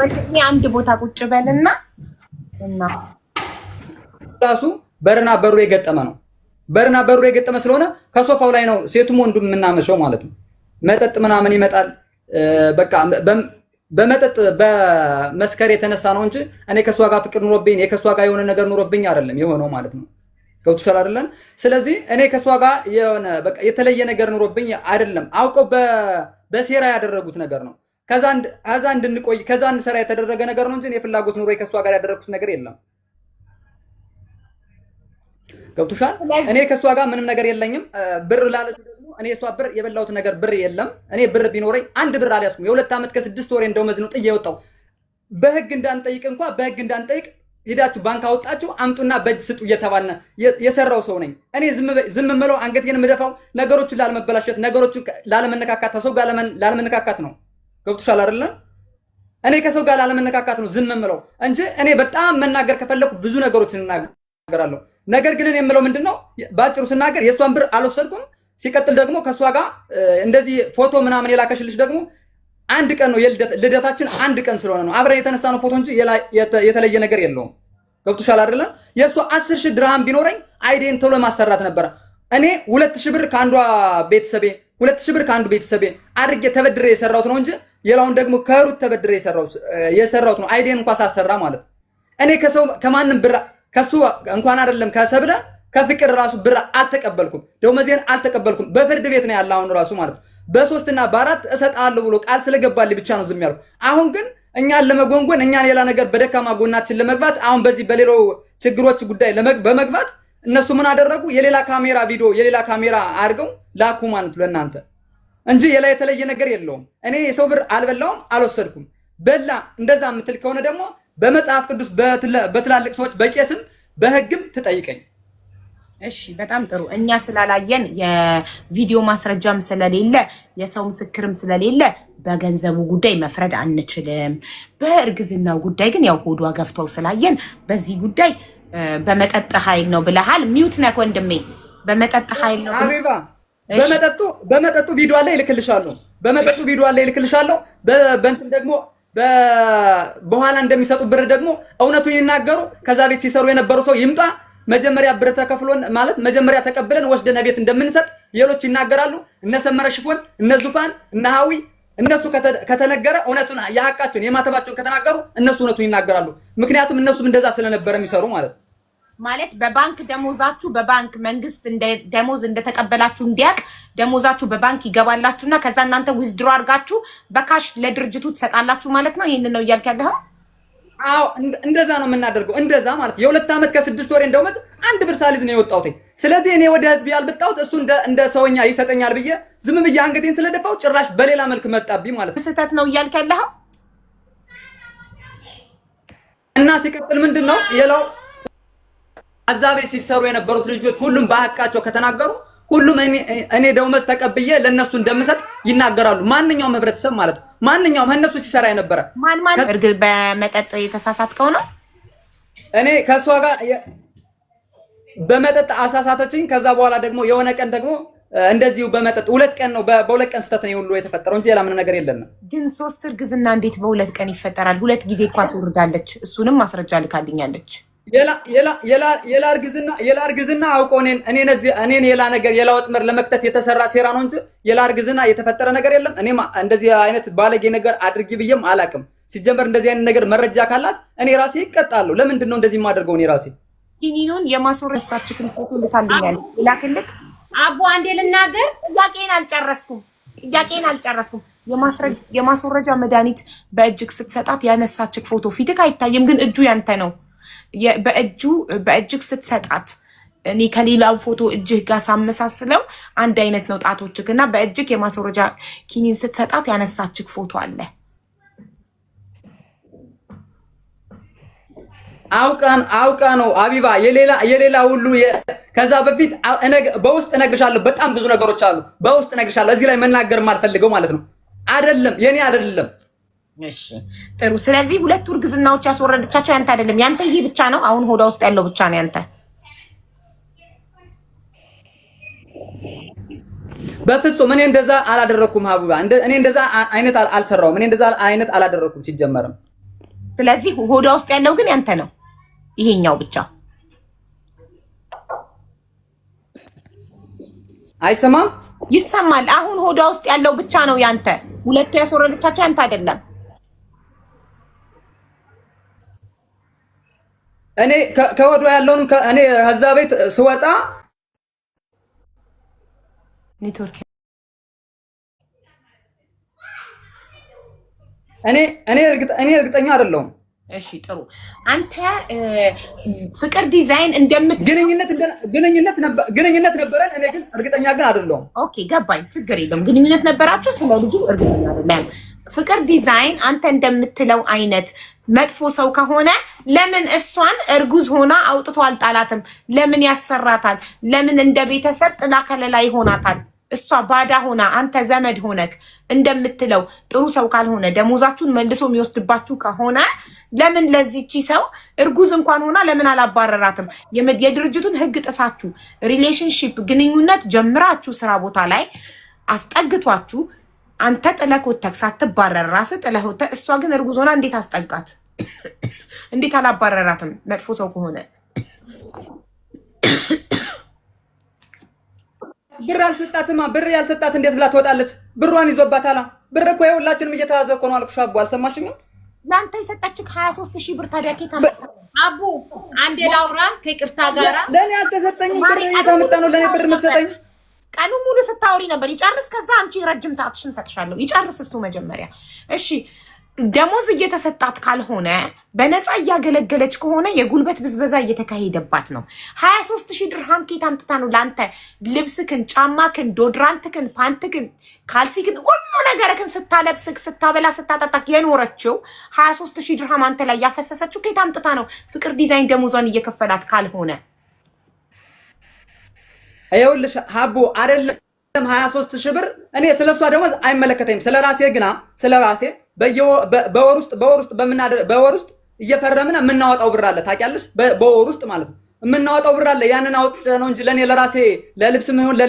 ወንድሜ አንድ ቦታ ቁጭ በልና እና ራሱ በርና በሩ የገጠመ ነው። በርና በሩ የገጠመ ስለሆነ ከሶፋው ላይ ነው ሴቱም ወንዱም የምናመሸው ማለት ነው። መጠጥ ምናምን ይመጣል። በቃ በመጠጥ በመስከር የተነሳ ነው እንጂ እኔ ከእሷ ጋር ፍቅር ኑሮብኝ የከእሷ ጋር የሆነ ነገር ኑሮብኝ አይደለም የሆነው ማለት ነው። ገብቶሻል አይደለም? ስለዚህ እኔ ከእሷ ጋር የሆነ በቃ የተለየ ነገር ኑሮብኝ አይደለም። አውቀው በሴራ ያደረጉት ነገር ነው። ከዛ እንድንቆይ ከዛ እንሰራ የተደረገ ነገር ነው እንጂ የፍላጎት ኑሮ ከእሷ ጋር ያደረግኩት ነገር የለም። ገብቶሻል? እኔ ከእሷ ጋር ምንም ነገር የለኝም። ብር ላለች ደግሞ እኔ እሷ ብር የበላሁት ነገር ብር የለም። እኔ ብር ቢኖረኝ አንድ ብር አልያዝኩም። የሁለት ዓመት ከስድስት ወሬ እንደው መዝነው ጥዬ የወጣው በህግ እንዳንጠይቅ እንኳ በህግ እንዳንጠይቅ ሄዳችሁ ባንክ አወጣችሁ አምጡና በእጅ ስጡ እየተባልነ የሰራው ሰው ነኝ እኔ። ዝም ምለው አንገቴን ምደፋው ነገሮችን ላለመበላሸት፣ ነገሮችን ላለመነካካት፣ ሰው ላለመነካካት ነው። ገብቶሻል አይደለ? እኔ ከሰው ጋር ላለመነካካት ነው ዝም የምለው እንጂ እኔ በጣም መናገር ከፈለኩ ብዙ ነገሮች እናገራለሁ። ነገር ግን እኔ የምለው ምንድነው በአጭሩ ስናገር የእሷን ብር አልወሰድኩም። ሲቀጥል ደግሞ ከእሷ ጋር እንደዚህ ፎቶ ምናምን የላከሽልሽ ደግሞ አንድ ቀን ነው ልደታችን፣ አንድ ቀን ስለሆነ ነው አብረን የተነሳ ነው ፎቶ እንጂ የተለየ ነገር የለውም። ገብቶሻል አይደለ? የእሷ አስር ሺህ ድርሃም ቢኖረኝ አይዴን ቶሎ ማሰራት ነበረ። እኔ ሁለት ሺህ ብር ከአንዷ ቤተሰቤ ሁለት ሺህ ብር ከአንዱ ቤተሰቤ አድርጌ ተበድሬ የሰራሁት ነው እንጂ ሌላውን ደግሞ ከሩት ተበድረ የሰራሁት ነው። አይዴን እንኳ ሳሰራ ማለት እኔ ከሰው ከማንም ብር ከሱ እንኳን አይደለም ከሰብለ ከፍቅር ራሱ ብር አልተቀበልኩም፣ ደሞዜን አልተቀበልኩም። በፍርድ ቤት ነው ያለ አሁን ራሱ ማለት ነው። በሶስትና በአራት እሰጣለሁ ብሎ ቃል ስለገባልኝ ብቻ ነው ዝም ያልኩ። አሁን ግን እኛን ለመጎንጎን እኛን ሌላ ነገር በደካማ ጎናችን ለመግባት አሁን በዚህ በሌላው ችግሮች ጉዳይ በመግባት እነሱ ምን አደረጉ? የሌላ ካሜራ ቪዲዮ የሌላ ካሜራ አድርገው ላኩ ማለት ለእናንተ እንጂ የላ የተለየ ነገር የለውም። እኔ የሰው ብር አልበላውም አልወሰድኩም። በላ እንደዛ የምትል ከሆነ ደግሞ በመጽሐፍ ቅዱስ በትላልቅ ሰዎች በቄስም በህግም ትጠይቀኝ። እሺ በጣም ጥሩ። እኛ ስላላየን የቪዲዮ ማስረጃም ስለሌለ የሰው ምስክርም ስለሌለ በገንዘቡ ጉዳይ መፍረድ አንችልም። በእርግዝናው ጉዳይ ግን ያው ሆዷ ገፍተው ስላየን በዚህ ጉዳይ በመጠጥ ኃይል ነው ብለሃል። ሚዩት ነክ ወንድሜ፣ በመጠጥ ኃይል ነው በመጠጡ በመጠጡ ቪዲዮ አለ ይልክልሻለሁ። በመጠጡ ቪዲዮ ላይ ይልክልሻለሁ። በእንትን ደግሞ በኋላ እንደሚሰጡ ብር ደግሞ እውነቱን ይናገሩ። ከዛ ቤት ሲሰሩ የነበሩ ሰው ይምጣ። መጀመሪያ ብር ተከፍሎን ማለት መጀመሪያ ተቀብለን ወስደን ቤት እንደምንሰጥ ሌሎች ይናገራሉ። እነ ሰመረ ሽፎን፣ እነ ዙፋን፣ እነ ሀዊ እነሱ ከተነገረ እውነቱን የሀቃቸውን የማተባቸውን ከተናገሩ እነሱ እውነቱን ይናገራሉ። ምክንያቱም እነሱም እንደዛ ስለነበረ የሚሰሩ ማለት ነው። ማለት በባንክ ደሞዛችሁ በባንክ መንግስት ደሞዝ እንደተቀበላችሁ እንዲያቅ ደሞዛችሁ በባንክ ይገባላችሁ እና ከዛ እናንተ ዊዝድሮ አድርጋችሁ በካሽ ለድርጅቱ ትሰጣላችሁ ማለት ነው። ይህንን ነው እያልክ ያለው? አዎ እንደዛ ነው የምናደርገው። እንደዛ ማለት የሁለት ዓመት ከስድስት ወሬ እንደውም አንድ ብር ሳልይዝ ነው የወጣሁት። ስለዚህ እኔ ወደ ህዝብ ያልበጣሁት እሱ እንደ ሰውኛ ይሰጠኛል ብዬ ዝም ብዬ አንገቴን ስለደፋው ጭራሽ በሌላ መልክ መጣብኝ ማለት ነው። ስህተት ነው እያልክ ያለው እና ሲቀጥል ምንድን ነው የለው እዛ ቤት ሲሰሩ የነበሩት ልጆች ሁሉም በሀቃቸው ከተናገሩ ሁሉም እኔ ደሞዝ ተቀብዬ ለእነሱ እንደምሰጥ ይናገራሉ። ማንኛውም ህብረተሰብ ማለት ነው። ማንኛውም እነሱ ሲሰራ የነበረ ማን በመጠጥ የተሳሳትከው ነው። እኔ ከእሷ ጋር በመጠጥ አሳሳተችኝ። ከዛ በኋላ ደግሞ የሆነ ቀን ደግሞ እንደዚሁ በመጠጥ ሁለት ቀን ነው በሁለት ቀን ስህተት ነው ሁሉ የተፈጠረው እንጂ ሌላ ምን ነገር የለም። ግን ሶስት እርግዝና እንዴት በሁለት ቀን ይፈጠራል? ሁለት ጊዜ እኳ ትወርዳለች። እሱንም ማስረጃ ልካልኛለች። የላርግዝና አውቆ እኔን የላ ነገር የላ ወጥመድ ለመክተት የተሰራ ሴራ ነው እንጂ የላርግዝና የተፈጠረ ነገር የለም። እኔም እንደዚህ አይነት ባለጌ ነገር አድርጊ ብዬም አላቅም። ሲጀመር እንደዚህ አይነት ነገር መረጃ ካላት እኔ ራሴ ይቀጣለሁ። ለምንድን ነው እንደዚህ የማደርገው? እኔ ራሴ ዲኒኖን የማስወረሳችክን ፎቶ ልታልኛል ላክልክ። አቦ አንዴ ልናገር። ጥያቄን አልጨረስኩም ጥያቄን አልጨረስኩም። የማስወረጃ መድኃኒት በእጅግ ስትሰጣት ያነሳችክ ፎቶ ፊትክ አይታይም፣ ግን እጁ ያንተ ነው። በእጁ በእጅግ ስትሰጣት እኔ ከሌላው ፎቶ እጅህ ጋር ሳመሳስለው አንድ አይነት ነው ጣቶችክ እና በእጅግ የማስወረጃ ኪኒን ስትሰጣት ያነሳችክ ፎቶ አለ። አውቃን አውቃ ነው አቢባ የሌላ የሌላ ሁሉ ከዛ በፊት በውስጥ እነግርሻለሁ። በጣም ብዙ ነገሮች አሉ በውስጥ እነግርሻለሁ። እዚህ ላይ መናገር የማልፈልገው ማለት ነው። አይደለም የኔ አይደለም እሺ ጥሩ። ስለዚህ ሁለቱ እርግዝናዎች ያስወረደቻቸው ያንተ አይደለም። ያንተ ይሄ ብቻ ነው፣ አሁን ሆዳ ውስጥ ያለው ብቻ ነው ያንተ። በፍጹም እኔ እንደዛ አላደረኩም ሀቡባ። እኔ እንደዛ አይነት አልሰራውም። እኔ እንደዛ አይነት አላደረኩም ሲጀመርም። ስለዚህ ሆዳ ውስጥ ያለው ግን ያንተ ነው፣ ይሄኛው ብቻ አይሰማም። ይሰማል። አሁን ሆዳ ውስጥ ያለው ብቻ ነው ያንተ። ሁለቱ ያስወረደቻቸው ያንተ አይደለም። እኔ ከወዶ ያለውን እኔ ከዛ ቤት ስወጣ ኔትወርክ እኔ እኔ እኔ እርግጠኛ አይደለሁም። እሺ ጥሩ። አንተ ፍቅር ዲዛይን እንደምት ግንኙነት ግንኙነት ነበር ግንኙነት ነበረን። እኔ ግን እርግጠኛ ግን አይደለሁም። ኦኬ ገባኝ። ችግር የለም። ግንኙነት ነበራችሁ። ስለ ልጁ እርግጠኛ አይደለም። ፍቅር ዲዛይን አንተ እንደምትለው አይነት መጥፎ ሰው ከሆነ ለምን እሷን እርጉዝ ሆና አውጥቶ አልጣላትም? ለምን ያሰራታል? ለምን እንደ ቤተሰብ ጥላ ከለላ ይሆናታል? እሷ ባዳ ሆና አንተ ዘመድ ሆነክ እንደምትለው ጥሩ ሰው ካልሆነ ደሞዛችሁን መልሶ የሚወስድባችሁ ከሆነ ለምን ለዚቺ ሰው እርጉዝ እንኳን ሆና ለምን አላባረራትም? የድርጅቱን ሕግ ጥሳችሁ ሪሌሽንሽፕ ግንኙነት ጀምራችሁ ስራ ቦታ ላይ አስጠግቷችሁ አንተ ጥለህ ኮተክ ሳትባረር ራስህ ጥለህ ኮተክ። እሷ ግን እርጉዝ ሆና እንዴት አስጠጋት? እንዴት አላባረራትም? መጥፎ ሰው ከሆነ ብር አልሰጣትማ። ብር ያልሰጣት እንዴት ብላ ትወጣለች? ብሯን ይዞባታላ። ብር እኮ የሁላችንም እየተያዘ እኮ ነው። አልኩሽ አቦ አልሰማሽኝም? ለአንተ የሰጠችህ ሀያ ሶስት ሺህ ብር ታዲያ ኬት አመጣ? አቦ አንዴ ላውራ ከይቅርታ ጋራ ለእኔ አልተሰጠኝም። ብር እየታመጣ ነው ለእኔ ብር መሰጠኝ ቀኑ ሙሉ ስታወሪ ነበር። ይጨርስ፣ ከዛ አንቺ ረጅም ሰዓትሽን ሰጥሻለሁ። ይጨርስ እሱ መጀመሪያ። እሺ ደሞዝ እየተሰጣት ካልሆነ በነፃ እያገለገለች ከሆነ የጉልበት ብዝበዛ እየተካሄደባት ነው። ሀያ ሶስት ሺህ ድርሃም ኬት አምጥታ ነው ለአንተ ልብስክን፣ ጫማክን፣ ዶድራንትክን፣ ፓንትክን፣ ካልሲክን ሁሉ ነገርክን ስታለብስክ፣ ስታበላ፣ ስታጠጣክ የኖረችው ሀያ ሶስት ሺህ ድርሃም አንተ ላይ ያፈሰሰችው ኬት አምጥታ ነው? ፍቅር ዲዛይን ደሞዟን እየከፈላት ካልሆነ ይኸውልሽ ሀቡ አይደለም ሀያ ሦስት ሺህ ብር እኔ ስለ እሷ ደሞዝ አይመለከተኝም። ስለ ራሴ ግና ስለ ራሴ በወር ውስጥ በወር ውስጥ በወር ውስጥ እየፈረምን የምናወጣው ብር አለ ታውቂያለሽ። በወር ውስጥ ማለት ነው የምናወጣው ብር አለ። ያንን አውጥቼ ነው እንጂ ለእኔ ለራሴ ለልብስ